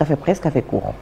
Café Presse, Café Courant.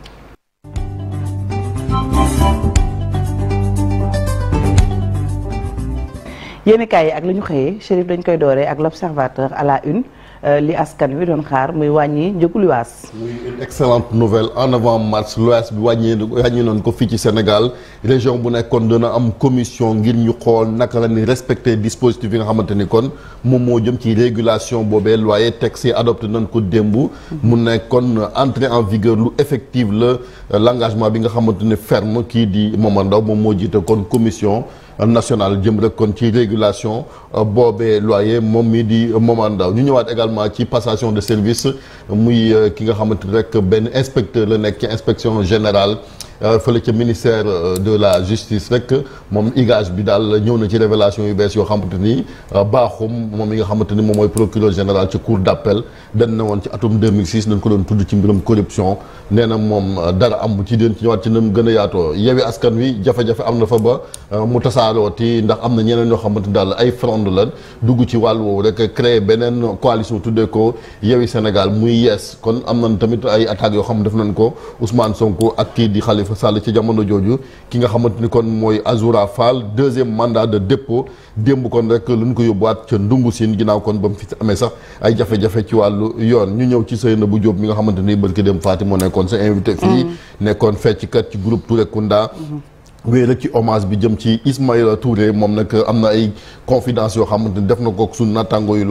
yi ak lu ñu xëyee Chérif dañ koy dooree ak l'observateur à la une. Euh, li askan wi doon xaar muy wàññi njëgu luwaas. muy une excellente nouvelle en avant mars luwaas bi wàññi wàññi nañ ko fii ci Sénégal région bu nekkoon dana am commission ngir ñu xool naka la ni respecter dispositif yi nga xamante ni kon moom moo jëm ci régulation boobee waaye texte yi adopté nañ ko démb. mu nekkoon entrée en vigueur lu effective la euh, l'engagement bi nga xamante ni ferme kii di Momar Ndao moom moo jiite kon commission. Euh, nationale jëm rek kon ci régulation euh, boobee loyer moom mi di euh, Momar Ndao ñu ñëwaat également ci passation de service muy ki nga xamante rek benn inspecteur la nekk ci inspection générale Euh, fële ca ministère euh, de la justice rek moom igage bi daal ñëw na ci révélation yu bees yoo xamante ni euh, baaxum moom mi nga xamante ni moom mooy procureur général ci cour d'appel dañ ne woon ci atum 2006 dañ ko doon tudd ci mbirum corruption nee na moom dara am ci dén ci ñëwaat ci nam gën a yaatoo yewi askan wi jafe-jafe am na fa ba mu tasaarooti ndax am na ñeneen ñoo xamante daal ay fronde la dugg ci wàll woowu rek créer beneen coalition tuddee ko yewi Sénégal muy kon am nañ tamit ay attaques yoo xam ne def nañ ko Ousmane Sonko ak kii di Khalifa Khalifa Sall ci jamono jooju ki nga xamante ni kon mooy Azoura Fall deuxième mandat de dépôt démb kon rek luñ ko yóbbuwaat ca Ndungu Siin ginnaaw kon ba mu fi amee sax ay jafe-jafe ci wàllu yoon ñu ñëw ci na bu jóob mi nga xamante ni barki dem Fatim moo nekkoon sa invité fii mm-hmm. nekkoon fecc kat ci groupe Touré Kunda mm-hmm. wéy rek ci hommage bi jëm ci Ismaïla Touré moom nag am na ay confidence yoo xamante ni def na ko suñu naataangoo yu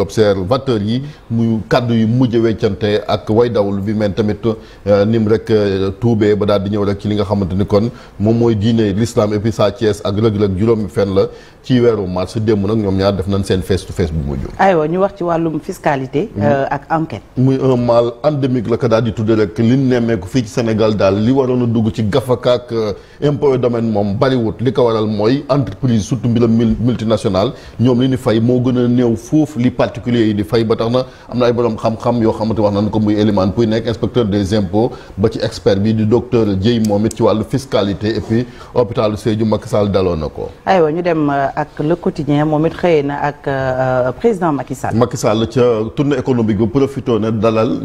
vateur yi muy kàddu yu mujj weccante ak way dawul bi men tamit euh, nim rek euh, tuubee ba daal di ñëw rek ci li nga xamante ni kon moom mooy diine l'islam et puis Sa Thiès ak rëg-rëg juróomi fen la ci weeru mars démb nag ñoom ñaar def nañ seen face to face bu mujj aywa ñu wax ci wàllum fiscalité mm-hmm. euh, ak enquête muy un mal endémique la ko daal di tudde rek li nemmeeku fii ci Sénégal daal li waroon a dugg ci gafakaak impôt domaine moom bariwut li ko waral mooy entreprise surtout mbiram multinationale ñoom li ñu fay moo gën a néew foofu li particulier yi di fay ba tax na am na ay borom xam-xam yoo xamante wax nañ ko muy Elimane Pouye nekk inspecteur des impôts ba ci expert bi di docteur Dieye moom it ci wàllu fiscalité et puis hôpital Sédhiou Macky na ko. aywa ñu dem euh, ak le quotidien moom it xëy na ak euh, euh, président Macky Sall. ca tournée économique ba profité na dalal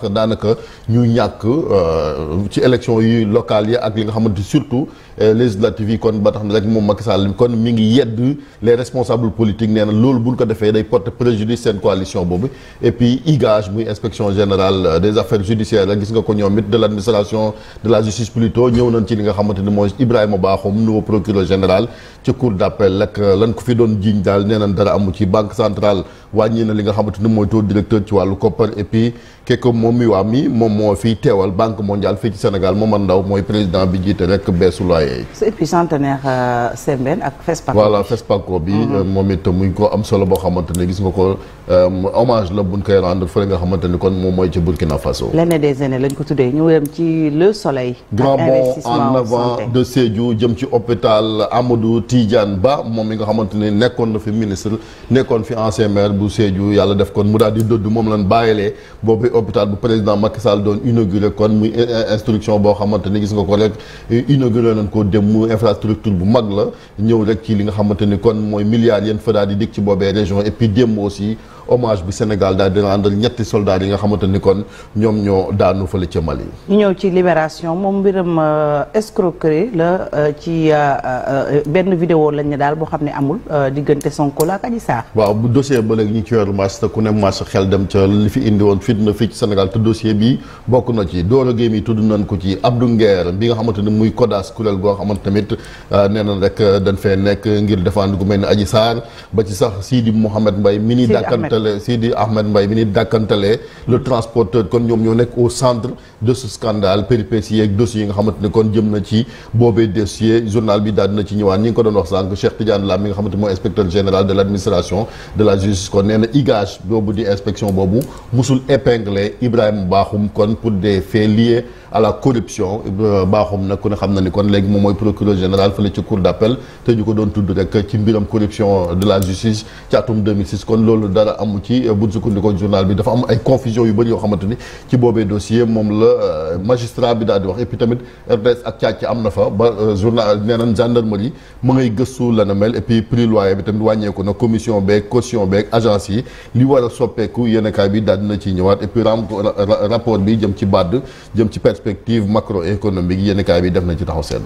tax daanaka ñu ñàkk euh, ci élection yi locales yi ak yi nga xamante surtout Euh, législative yi kon ba tax na rek moom Macky Sall kon mi ngi yedd les responsables politiques nee na loolu bu ko defee day porter préjudice seen coalition boobu et puis IGAJ muy inspection générale euh, des affaires judiciaires gis nga ko ñoom it de l' administration de la justice plutôt ñëw nañ ci li nga xamante ni mooy Ibrahima Bakhoum nouveau procureur général ci cour d' appel ak euh, lan ko fi doon jiiñ daal nee nañ dara amu ci banque centrale wàññi na li nga xamante ni mooy taux directeur ci wàllu koppar et moom moo fiy teewal banque mondiale fii ci Sénégal Momar Ndao mooy président bi jiite rek yooyu. et puis centenaire euh, Sembène ak FESPACO. voilà FESPACO bi. Mhm. Euh, moom it muy ko am solo boo gis nga ko euh, hommage la buñ koy rendre fële nga xamante ni kon moom mooy ci Burkina Faso. l'année des aînés lañ ko tuddee ñu yem ci le soleil. grand bond en avant de Sédhiou jëm ci hôpital Amadou Tidiane Ba moom mi nga xamante ne nekkoon na fi ministre nekkoon fi ancien maire bu Sédhiou yàlla def kon mu daal di dëdd moom lañ bàyyilee boobu hôpital bu président Macky Sall doon inauguré kon muy instruction boo xamante ni gis nga ko rek inauguré nañ ko dem infrastructure bu mag la ñëw rek ci li nga xamante ni kon mooy milliards yeen fa daal di dikk ci boobee région et démb aussi hommage bi Sénégal daal dina àndal ñetti soldats yi nga xamante ni kon ñoom ñoo daanu fële ca Mali. ñu ñëw ci libération moom mbiram euh, escroquerie la euh, ci euh, benn vidéo lañ ne daal boo xam ne amul diggante Sonko la ak Adji Sarr. waaw bu dossier ba léegi ñu ci weeru mars te ku ne mars xel dem ca li fi indi woon fitna fii ci Sénégal te dossier bi bokk na ci Doro Gueye mi tudd nañ ko ci Abdou Nguer bi nga xamante ni muy CODAS kuréel goo xamante tamit nee na rek dan fee nekk ngir défendre gu mel ni Adji Sarr ba ci sax Sidi dàkkantale Sidi Ahmed Mbaye bi ni dàkkantale le transporteur kon ñoom ñoo nekk au centre de ce scandale péripéties yeeg dossiers yi nga xamante ni kon jëm na ci boobee dossier journal bi daal ci ñëwaat ñi ngi ko doon wax sànq Cheikh Tidiane Lam mi nga xamante mooy inspecteur général de l' de la justice kon nee na IGAJ boobu di inspection boobu musul épingler Ibrahima Bakhoum kon pour des faits liés à la corruption Bakhoum nag ku xam na ni kon léegi moom mooy procureur général fële ci cour doon tudd rek ci mbiram la justice ci atum am ci euh, buñ sukkandikoo journal bi dafa am ay confusion yu bëri yoo xamante ni ci boobee dossier moom la euh, magistrat bi daal di wax et puis tamit RDS ak càcc am na fa ba euh, journal nee gendarmerie mu ngay gëstu la mel et puis prix bi tamit wàññeeku na commission beeg caution beeg agence li war a soppeeku yéenekaay bi daal dina ci ñëwaat et puis bi jëm ci BAD jëm ci perspective macroéconomique yéenekaay bi def na ci taxaw seen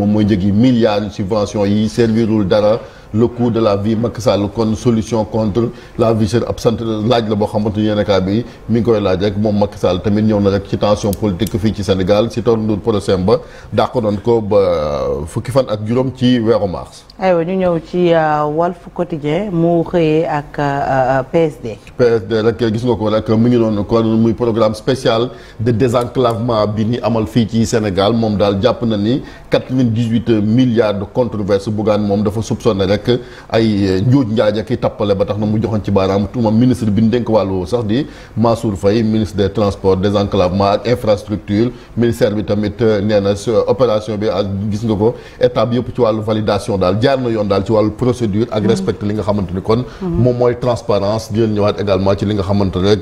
moom mooy njëg yi milliards yu subvention yi servirul dara le coût de la vie Macky Sall kon solution contre la vie chère ab sant laaj la boo xamante ni yéenekaay bi mi ngi koy laaj rek moom Macky Sall tamit ñëw na rek ci tension politique fii ci Sénégal si tournure procès ba dàq doon ko ba fukki fan ak juróom ci weeru mars. aywa ñu ñëw ci euh, Walf Quotidien mu xëyee ak euh, euh, PSD. PSD rek gis nga ko rek mu ngi doon kon muy programme spécial de désenclavement bi ni amal fii ci Sénégal moom daal jàpp na ni quatre vingt dix milliards de controverse Bougane moom dafa soupçonné rek ay euh, njuuj njaaj ak i tappale ba tax na mu joxoon ci baaraam tuuma ministre bi ñu dénk wàllu sax di Mansour Faye ministre des transports ak infrastructure ministère bi tamit euh, nee na euh, bi ak gis nga ko état bi yëpp ci wàllu validation daal jaar na yoon daal ci wàllu procédure ak respecte li nga xamante kon moom mooy transparence di ñëwaat également ci li nga xamante rek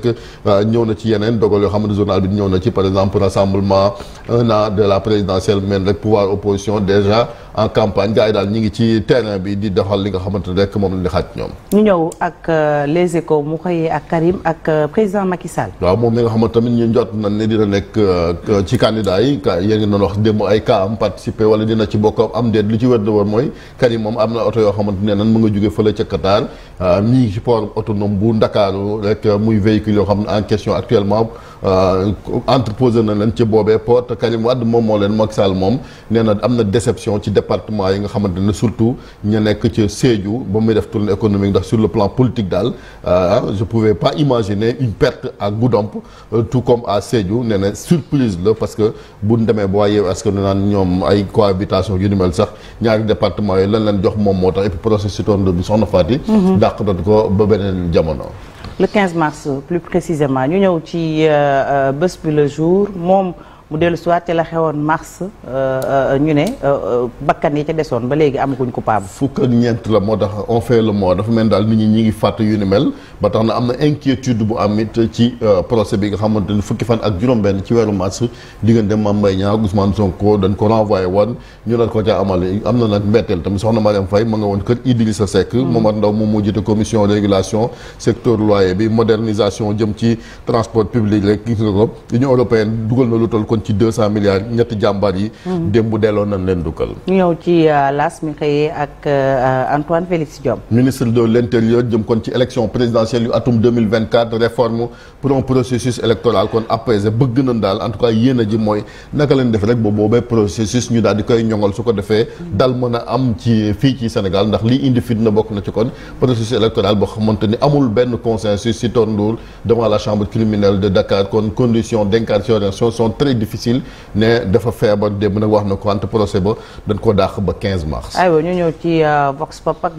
opposition déjà en campagne gars yi daal ñi ngi ci terrain bi di doxal li nga xamante ne rek moom la ñu ñoom. ñu ñëw ak euh, les échos mu xëyee ak Karim ak euh, président Macky Sall. waaw moom mi nga xamante tamit ñu jot nañ ne dina nekk euh, ci candidat yi yéen ngi doon wax démb ay cas am participé wala dina ci bokk am déet lu ci wér de woon mooy Karim moom am na oto yoo xamante ne nan mu nga jóge fële ca Qatar mi ngi ci port autonome bu Ndakaaru rek muy véhicule yoo xam ne en question actuellement. Euh, entreposé na leen ci boobee port Karim Wade moom moo leen Macky Sall moom nee na am na déception ci département yi nga xamante ne surtout ñu nekk ci Sédhiou ba muy def tournée économique ndax sur le plan politique daal euh, je pouvais pas imaginer une perte à Goudomp euh, tout comme à Sédhiou nee na surprise la parce que bu ñu demee ba waaye est que naan ñoom ay cohabitation yu ni mel sax ñaari département yi lan leen jox moom moo tax et puis processus tournée bi soxna le 15 mars plus précisément ñu ñëw ci euh, euh, bés bi le jour moom mu dellu siwaat ci la xewoon mars euh, euh, ñu ne euh, bakkan yi ca desoon ba léegi amaguñ coupable fukk ak ñeent la moo tax on fait le mot dafa mel daal nit ñi ñi ngi fàtt yu ni mel ba tax na am na inquiétude bu am it ci procès bi nga xamante ni fukki fan ak juróom-benn ci weeru mars diggante Mame Mbaye Niang Ousmane Sonko dañ ko renvoyé woon ñu nar ko ca amal am na nag mbetteel tamit soxna Mariam Faye ma nga woon kër Idrissa Seck hmm. Momar Ndaw moom moo jiite commission régulation secteur loyer bi modernisation jëm ci transport public rek gis nga ko ci deux milliards ñetti jàmbaar yi. Mm-hmm. démb delloo nañ leen dugal. ñu ñëw ci euh, las mi xëyee ak euh, Antoine Félix Diome. ministre de l' intérieur jëm kon ci élection présidentielle yu atum deux mille vingt quatre réforme processus électoral kon apaisé bëgg nañ daal en tout cas yéen ji mooy naka leen def rek boobee processus ñu daal di koy ñoŋal su ko defee. dal mën a am ci fii ci Sénégal ndax lii indi fitna bokk na ci kon processus électoral boo xamante ni amul benn consensus si Tondour devant difficile ne dafa feebar démb nag wax na ko ante procès ba dañ koo dàq ba 15 mars. aywa euh, yi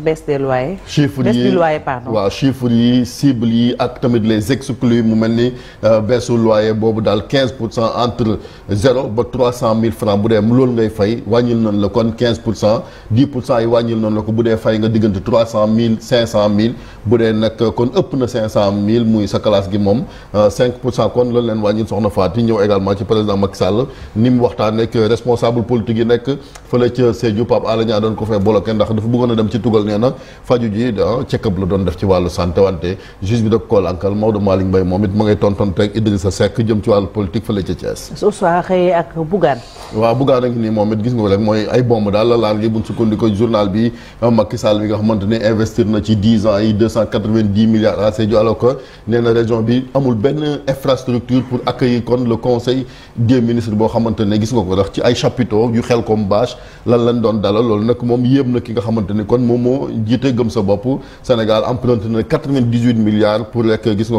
baisse du loyer pardon. waaw chiffre yi cible yi ak tamit les exclus mu mel ni euh, baisse loyer boobu daal 15 pour cent entre 0 ba 300 000 francs bu dee loolu ngay fay wàññil noonu la kon 15 pour cent 10 pour cent yi wàññil noonu la ko bu dee fay nga diggante 300 000 500 000 bu dee nag kon ëpp na 500 muy sa classe gi moom 5 euh, pour cent kon loolu leen wàññil soxna Fatou ñëw Macky Sall ni mu waxtaan ak responsable politique yi nekk fële ca Sédhiou Pape Alé Niang doon ko fee bloqué ndax dafa bëggoon a dem ci tugal nee na faju ji ah, check-up la doon def ci wàllu santé wante juge bi da ko lankal Maodo Malick Mbaye moom it ma ngay tonton rek Idrissa Seck jëm ci wàllu politique fële ca Thiès. su xëyee ak Bougane. waaw Bougane a ngi nii moom it gis nga rek mooy ay bomb daal la laal gi buñ sukkandikoo journal bi ah, Macky Sall na ci dix ans yi deux cent quatre-vingt-dix milliards à Sédhiou alors que nee na budget ministre boo xamante ne gis nga ko ndax ci ay chapiteaux yu xel comme bâche lan lañ doon dalal loolu nag moom yéem na ki nga xamante ni kon moom moo jiite gëm sa bopp Sénégal na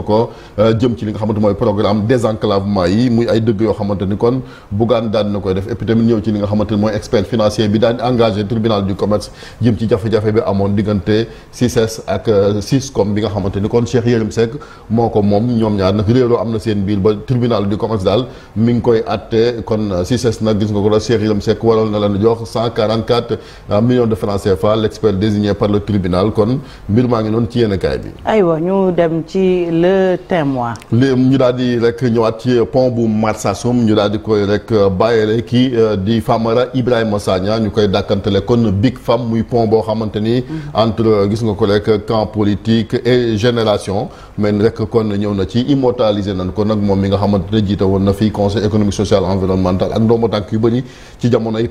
ko euh, jëm ci li nga xamante mooy programme désenclavement yi muy ay dëgg yoo xamante ni kon Bougane daan na koy def et puis tamit ñëw ni mooy expert financier bi daan engagé tribunal du commerce jëm ci jafe-jafe bi amoon diggante CICES ak CISCOM euh, bi nga xamante kon Cheikh Yérim Seck moo ko moom ñoom ñaar nag réeroo am na seen biir ba tribunal du commerce daal mi ngi koy koy atte kon CICES euh, nag gis nga ko la Cheikh Yérim Seck na la jox cent euh, de francs CFA l' expert désigné par le tribunal kon mbir maa ngi noonu ci yenn kaay bi. aywa ñu dem ci le témoin. li ñu daal di rek ñëwaat ci pont bu Marsassoum ñu daal koy rek euh, bàyyere kii di Famara Ibrahima Sagna ñu koy dàkkantale kon Big Fam muy pont boo xamante ni. Mm-hmm. entre gis nga ko rek camp politique et génération. mais rek kon ñëw na ci immortalisé nañ ko nag moom mi nga xamante économique sociale environnementale ak ndombo tànk yu bëri ci jamonoy euh,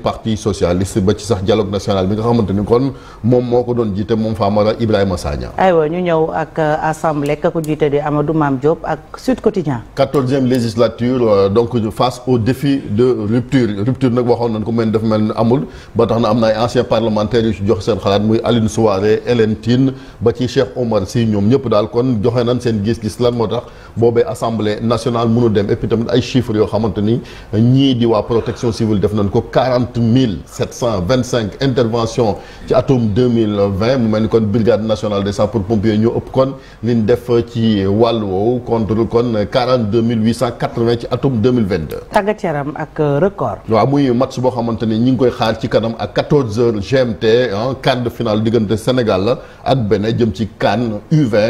législature euh, donc face au défi de rupture rupture nag waxoon nañ ko mel def mel ni amul ba tax na am na ay anciens parlementaires yu ci jox seen xalaat muy Aline Souaré Hélène Tine ba ci Cheikh Omar Sy ñoom ñëpp daal kon joxe nañ seen gis-gis lan moo tax boobee assemblée nationale mënu dem et ay chiffres yoo xamante xamante ni ñii di waa protection civile def nañ ko intervention ci atum mu mel kon brigade nationale des sapeurs pompiers ñoo ëpp kon liñ def ci wàll woowu contre kon ci atum deux ak euh, record. waaw muy match boo xamante ñi ngi koy xaar ci kanam ak quatorze heures GMT quart de finale diggante Sénégal la ak Bénin jëm ci CAN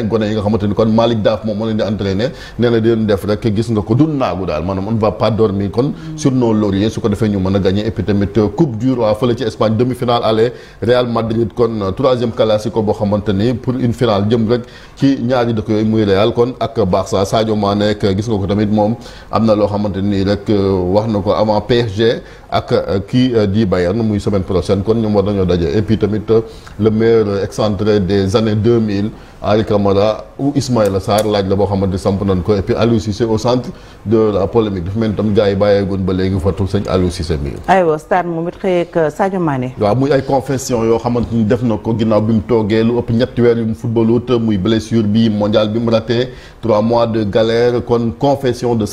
gone yi nga xamante kon Malick Daaf moom moo leen di entraîné nee na def rek gis nga ko du daal maanaam on va pas dormi kon sur nos lauriers su ko defee ñu mën a gagné et puis tamit euh, coupe du roi fële ci Espagne demi-finale aller Real Madrid kon euh, troisième classico boo xamante pour une finale jëm rek ci ñaari dëkk muy Real kon ak Barça Sadio Mané gis nga ko tamit moom am na loo xamante ni rek euh, wax na ko avant PSG. ak euh, ki euh, di Bayern muy semaine prochaine kon ñoom war nañoo daje et puis tamit euh, le meilleur excentré des années 2000 Henri Camara ou Ismaïla Sarr laaj la boo xamante samp nañ ko et puis au centre de la polémique dafa mel tam gars yi bàyyeegoon ba léegi fatu sëñ Aliou Cissé mi. ay confession yoo xamante ni def na ko ginnaaw bi mu toogee lu ëpp ñetti weer yu mu footballut muy blessure bi mondial bi mu raté trois mois de galère kon confession de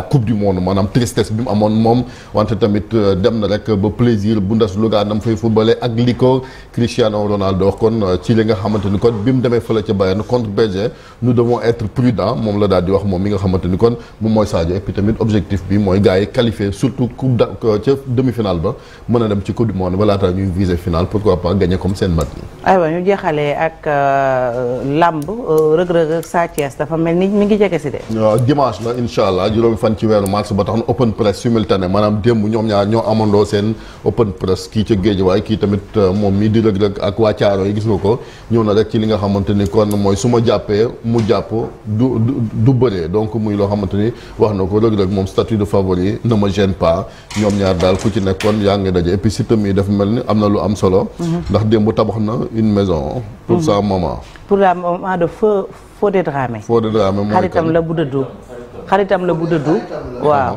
la coupe du monde maanaam tristesse bi mu amoon moom wante tamit euh, dem na rek euh, ba plaisir Bundesliga nam fay footballé ak li ko Cristiano Ronaldo kon euh, ci li nga xamante kon bi mu demee fële ca Bayern contre PSG nous devons moom la daal wax moom mi nga xamante kon moom mooy Sadio et tamit objectif bi mooy gars yi surtout coupe da ca demi-finale ba mën a dem ci coupe du monde balaa tax ñuy viser finale pourquoi pas gagner comme seen mat yi. aywa fan ci weeru mars ba tax na open press simultané maanaam démb ñoom ñaar ñoo amandoo seen open press kii ca Géejawaay kii tamit euh, moom mii di rëg-rëg ak waa Caaro yi gis nga ko ñëw na rek ci li nga xamante kon mooy su ma jàppee mu jàpp du du bëree donc muy loo xamante wax na ko rëg-rëg moom statut de favori ne me gêne pas ñoom ñaar daal ku ci nekkoon yaa ngi daje et puis Siteu mii dafa mel ni am na lu am solo mm-hmm. ndax démb tabax na une maison pour mm-hmm. sa maman xaritam la bu dëddu waaw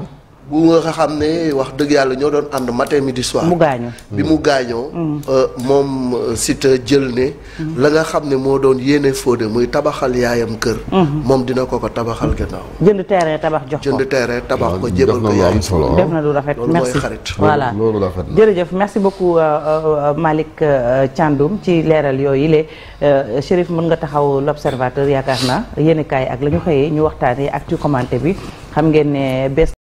bu nga xam ne wax dëgg yàlla ñoo doon ànd matin midi soir. mu gaañoo bi mu gaañoo. Mm. Euh, moom euh, Siteu jël ne. Mm. la nga xam ne moo doon yéene Fodé muy tabaxal yaayam kër. Mm-hmm. moom dina ko ko tabaxal gannaaw. jënd terrain tabax jox ko jënd terrain tabax ko jébal ko yaayam def na lu rafet merci voilà loolu rafet na jërëjëf merci beaucoup euh, Malick Thiandoum ci leeral yooyu le Chérif mën nga taxaw l'observateur yaakaar naa yéen kaay ak la ñu xëyee ñu waxtaanee ak ci commenté bi xam ngeen ne bés